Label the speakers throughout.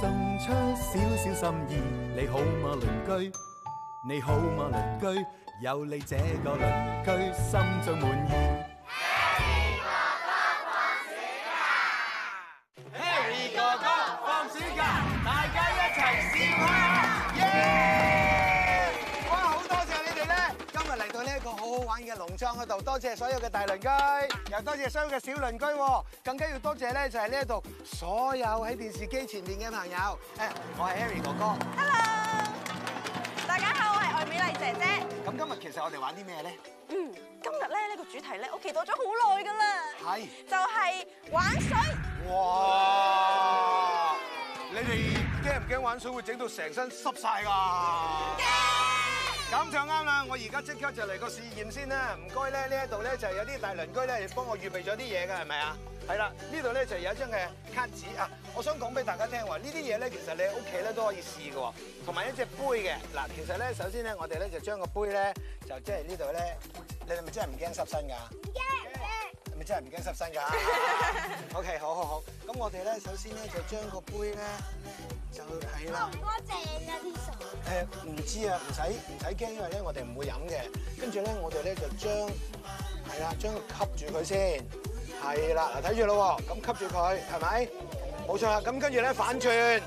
Speaker 1: 送出少少心意，你好嗎鄰居？你好嗎鄰居？有你這個鄰居，心中滿意。多謝所有嘅大鄰居，又多謝所有嘅小鄰居，更加要多謝咧就係呢一度所有喺電視機前面嘅朋友。誒，我係 Harry 哥哥。Hello，大家好，我係愛美麗姐姐。咁今日其實我哋玩啲咩咧？嗯，今日咧呢個主題咧，我期待咗好耐噶啦。係。就係玩水。哇！你哋驚唔驚玩水會整到成身濕晒噶？驚！咁就啱啦！我而家即刻就嚟個試驗先啦。唔該咧，呢一度咧就有啲大鄰居咧幫我預備咗啲嘢嘅，係咪啊？係啦，呢度咧就有一張嘅卡紙啊！我想講俾大家聽話，呢啲嘢咧其實你喺屋企咧都可以試嘅，同埋一隻杯嘅嗱。其實咧，首先咧，我哋咧就將個杯咧就即係呢度咧，你係咪真係唔驚濕身㗎？唔驚。你真係唔驚濕身㗎！OK，好好好。咁我哋咧，首先咧就將個杯咧就係啦。好多正啊，Tisa！誒唔知啊，唔使唔使驚，因為咧我哋唔會飲嘅。跟住咧，我哋咧就將係啦，將佢吸住佢先。係啦，嗱睇住咯，咁吸住佢係咪？冇錯啦！咁跟住咧反轉，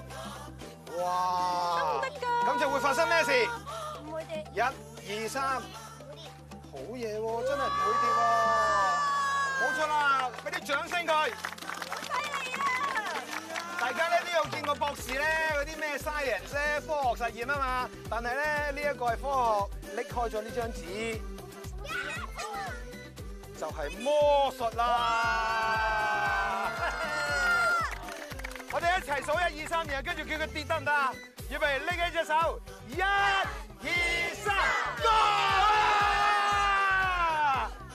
Speaker 1: 哇！咁得㗎！咁就會發生咩事？唔會跌。一二三，唔會跌。好嘢喎！真係唔會跌喎！冇錯啦，俾啲掌聲佢。好犀利啊！大家咧都有見過博士咧，嗰啲咩 science 咧，科學實驗啊嘛。但係咧呢一個係科學，搦開咗呢張紙，就係魔術啦。我哋一齊數一二三，然後跟住叫佢跌，得唔得啊？預備，拎起隻手，一、二、三、go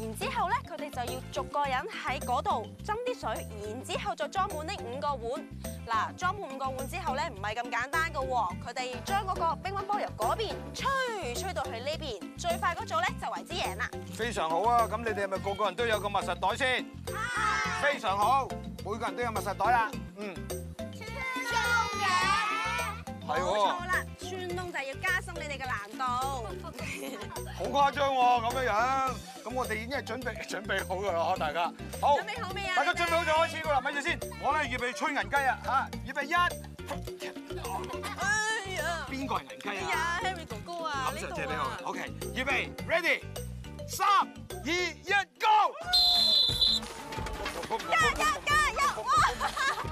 Speaker 1: 然之後咧，佢哋就要逐個人喺嗰度斟啲水，然之後再裝滿呢五個碗。嗱，裝滿五個碗之後咧，唔係咁簡單噶。佢哋將嗰個乒乓波由嗰邊吹，吹到去呢邊，最快嗰組咧就為之贏啦。非常好啊！咁你哋係咪個個人都有個密實袋先？非常好，每個人都有密實袋啦。嗯。中嘅冇錯啦，串窿就係要加深你哋嘅難度，好誇張喎咁樣樣，咁我哋已經係準備準備好㗎啦，大家。好，準備好
Speaker 2: 未啊？大家準備好就開始
Speaker 1: 㗎啦，咪住先。我咧預備吹銀雞啊嚇，預備一。哎呀！邊個係銀雞啊？哎呀，Henry 哥哥啊，感謝你啊。OK，預備，ready，三二一，go。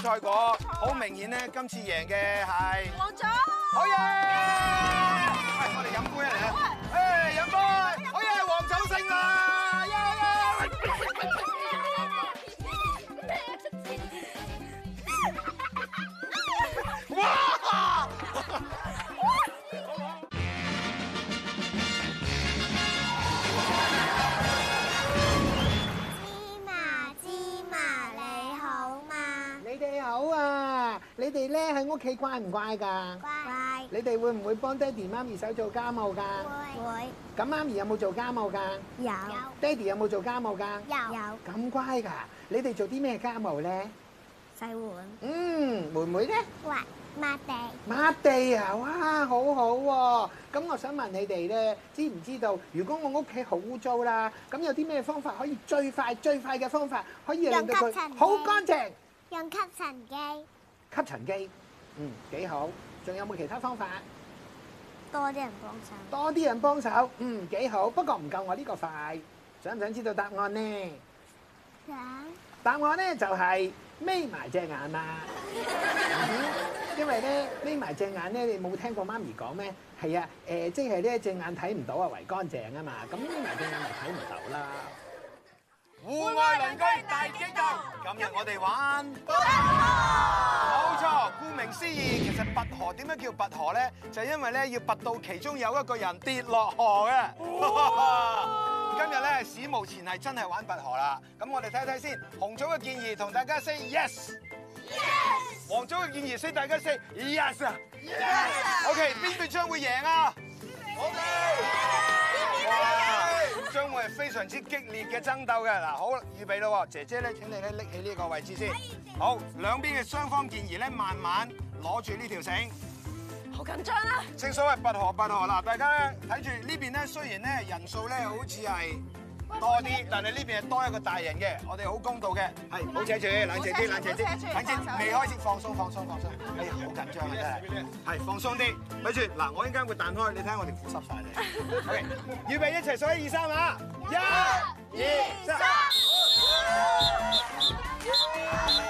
Speaker 1: 賽果好明顯咧，今次贏嘅係王總，可以，喂，我哋飲杯啊，嚟
Speaker 2: 佢乖唔乖噶？乖。你哋會唔會幫爹哋媽咪手做家務噶？會會。咁媽咪有冇做家務噶？有。爹哋有冇做家務噶？有。咁乖噶？你哋做啲咩家務咧？洗碗。嗯，妹妹咧？喂，抹地。抹地啊！哇，好好喎。咁我想問你哋咧，知唔知道如果我屋企好污糟啦，咁有啲咩方法可以最快最快嘅方法可以令到佢好乾淨？用吸塵機。用吸塵機。吸塵機。嗯，幾好。仲有冇其他方法？多啲人幫手。多啲人幫手，嗯，幾好。不過唔夠我呢個快。想唔想知道答案呢？想。答案呢就係眯埋隻眼嘛。因為呢眯埋隻眼呢，你冇聽過媽咪講咩？係啊，誒，即係呢隻眼睇唔到啊，為乾淨啊嘛。咁眯埋隻眼咪睇唔到啦。
Speaker 1: 互愛鄰居大激鬥，今日我哋玩。錯，顧名思義，其實拔河點解叫拔河咧？就係因為咧要拔到其中有一個人跌落河嘅。今日咧史無前係真係玩拔河啦！咁我哋睇睇先看看，紅組嘅建議同大家 say yes，, yes! 黃組嘅建議同大家 say yes。Yes! OK，邊隊將會贏啊？Okay. Okay. yes! 將會係非常之激烈嘅爭鬥嘅嗱，好預備啦，姐姐咧，請你咧拎起呢個位置先，好兩邊嘅雙方健兒咧，慢慢攞住呢條繩，好緊張啊！正所謂拔河拔河嗱，大家睇住呢邊咧，邊雖然咧人數咧好似係。多啲，但係呢邊係多一個大人嘅，我哋好公道嘅，係，好請住，冷靜啲，冷靜啲，冷靜啲，未開始放鬆，放鬆，放鬆，哎呀，好緊張啊真係，係放鬆啲，咪住，嗱，我依家會彈開，你睇下我條褲濕晒。你，OK，預備一齊，數一二三啊，一、二、
Speaker 2: 三。二三二三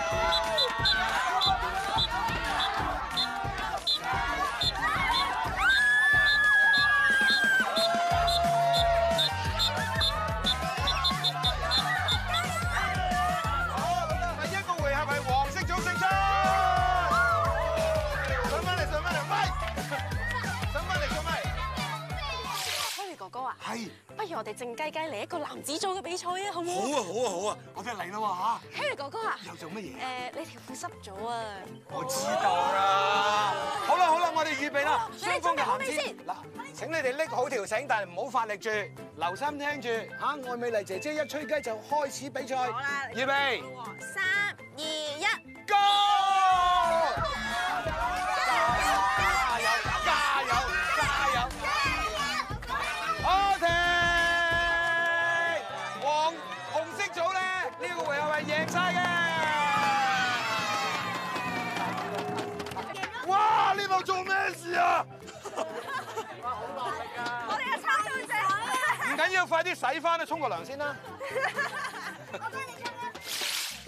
Speaker 1: 只做嘅比賽啊，好唔好？好啊，好啊，好啊，我哋嚟啦喎嚇 Henry 哥哥啊，又做乜嘢？誒，你條褲濕咗啊！我知道啦。好啦好啦，我哋預備啦，雙方嘅蠶絲嗱，請你哋拎好條繩，但係唔好發力住，留心聽住嚇。愛美麗姐姐一吹雞就開始比賽。好啦，預備。三二一，Go！贏晒嘅！哇！呢度做咩事啊？ 好大力㗎！我哋嘅操縱力啊們！唔緊要，快，快啲洗翻啦，沖個涼先啦！我幫你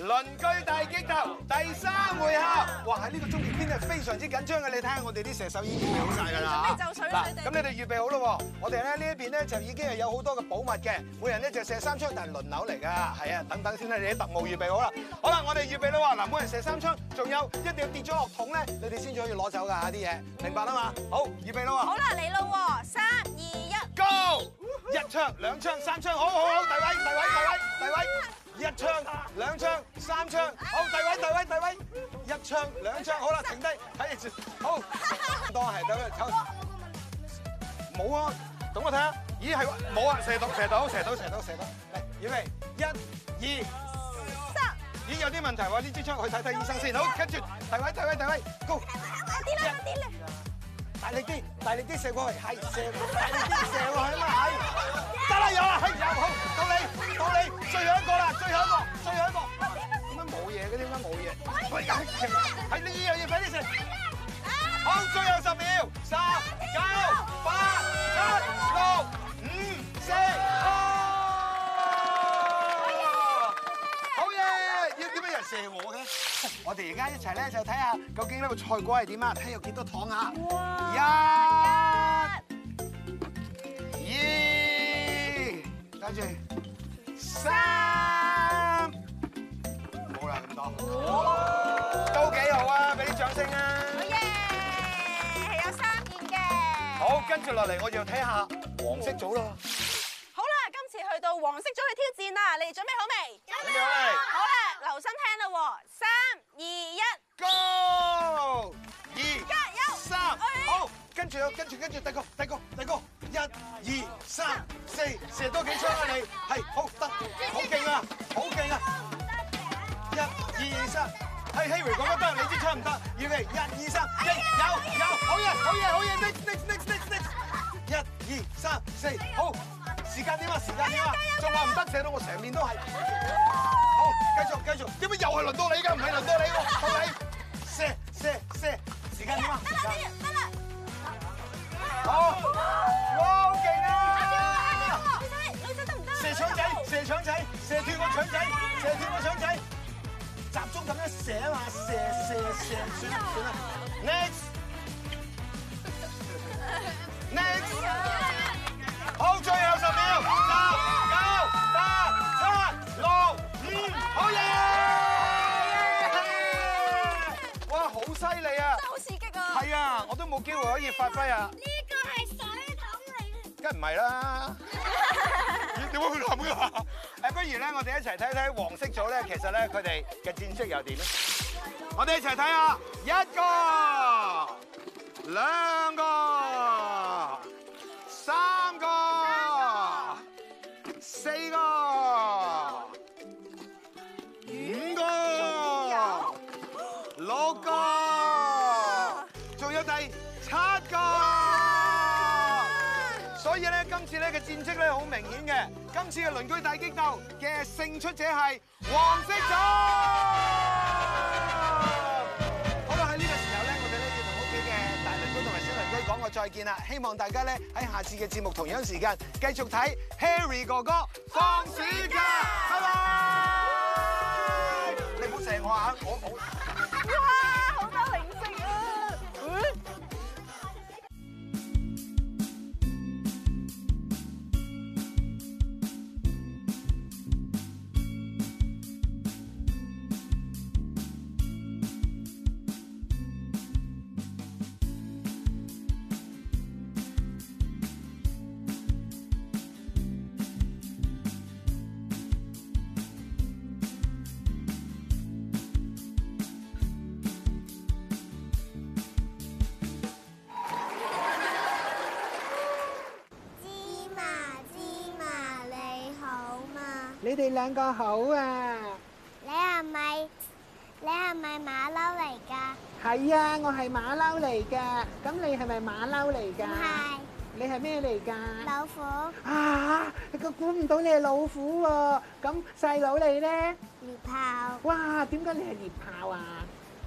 Speaker 1: 鄰居大激鬥第三回合，哇！喺呢個終極篇係非常之緊張嘅，你睇下我哋啲射手已經預備好晒㗎啦。咁你哋預備好咯喎，我哋咧呢一邊咧就已經係有好多嘅寶物嘅，每人咧就射三槍，但係輪流嚟㗎。係啊，等等先啦，你啲特務預備好啦。好啦，我哋預備啦喎，嗱，每人射三槍，仲有一定要跌咗落桶咧，你哋先至可以攞走㗎啲嘢，明白啦嘛？好，預備啦喎。好啦，嚟咯喎，三二一，Go！一槍、兩槍、三槍，好好好，第位、第位、第位、第位。一槍、兩槍、三槍，好，大位、大位、大位，一槍、兩槍，好啦，停低，睇住，好，當係等佢走。冇啊，等我睇下，咦係冇啊，射到射到射到射到射到，嚟，準備，一、二、三，咦有啲問題喎，呢支槍去睇睇醫生先，好，跟住，大位、大位、大位，高。力啲，大力啲射過去係射喎，大力啲射喎，係咪係？得啦、嗯，有、嗯、啦，係有好，到你，到你，最後一個啦，最後一個，最後一個。點解冇嘢嘅？點解冇嘢？快啲係呢樣嘢，畀你食。好，最後十秒，十九八。一齊咧就睇下究竟呢個菜果係點啊！睇有幾多糖啊！一、哇一二，跟住三，冇啦咁多，都幾好啊！俾啲掌聲啊！好耶，係有三件嘅。好，跟住落嚟，我哋就睇下黃色組咯。好啦，今次去到黃色組去挑戰啦！你哋準備好未？準備好啦了！好啦，留心聽啦喎，三。二一 go，二加油三好，跟住啊，跟住跟住，第個第個第個，第一二三四，1, 2, 3, 4, 射多幾槍啊你，係好得，好勁啊，好勁啊，一二三，係希瑞講得得，你支槍唔得，希瑞一二三，有有，好嘢好嘢好嘢，next next next next next，一二三四。時間點啊！時間點啊！仲話唔得，射到我成面都係。好，繼續繼續，點解又係輪到你噶？而家唔係輪到你喎，好唔好？射射射，時間點啊！得啦得啦得啦！好，哇好勁啊！女仔女仔得唔得？射腸仔，射腸仔，射斷個腸仔，射斷個腸仔，集中咁樣射啊嘛！射射射，算啦算啦。Next，Next，好咗呀！十九八七六五，可以！哇，好犀利啊！好刺激啊！係啊，我都冇機會可以發揮啊！呢個係水桶嚟嘅，梗唔係啦！點會冧噶？誒，不如咧，我哋一齊睇睇黃色組咧，其實咧佢哋嘅戰績又點咧？我哋一齊睇下，一個，兩個。好明顯嘅，今次嘅鄰居大激鬥嘅勝出者係黃色組。好啦，喺呢個時候咧，我哋咧要同屋企嘅大鄰居同埋小鄰居講個再見啦。希望大家咧喺下次嘅節目同樣時間繼續睇 Harry 哥哥放暑假。拜拜。你唔好射我啊！我冇。我
Speaker 2: 你哋兩個好啊！你係咪你係咪馬騮嚟噶係啊，我係馬騮嚟噶咁你係咪馬騮嚟噶唔係。你係咩嚟噶老虎。啊，你估唔到你係老虎喎。咁細佬你咧？獵豹。哇，點解你係獵豹啊？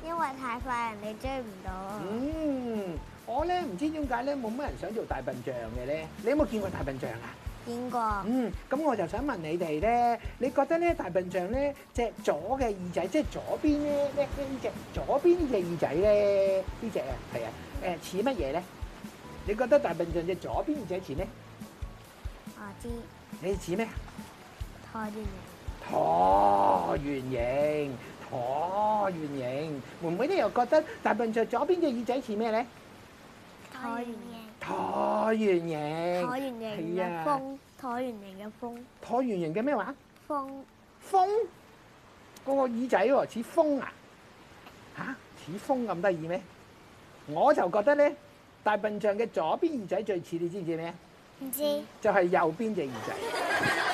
Speaker 2: 因為太快人哋追唔到。嗯，我咧唔知點解咧冇乜人想做大笨象嘅咧。你有冇見過大笨象啊？嗯，咁我就想問你哋咧，你覺得咧大笨象咧隻左嘅耳仔，即係左邊咧呢隻，左邊嘅耳仔咧呢隻啊，係啊，誒似乜嘢咧？你覺得大笨象隻左邊耳仔似咩？我知。你似咩啊？橢圓形。橢圓形。橢圓形。妹妹咧又覺得大笨象左邊嘅耳仔似咩咧？橢圓形。橢圓形，橢圓形嘅風，橢、啊、圓形嘅風，橢圓形嘅咩話？風風嗰、那個耳仔喎，似風啊？嚇、啊，似風咁得意咩？我就覺得咧，大笨象嘅左邊耳仔最似，你知唔知咩？唔知、嗯、就係右邊隻耳仔。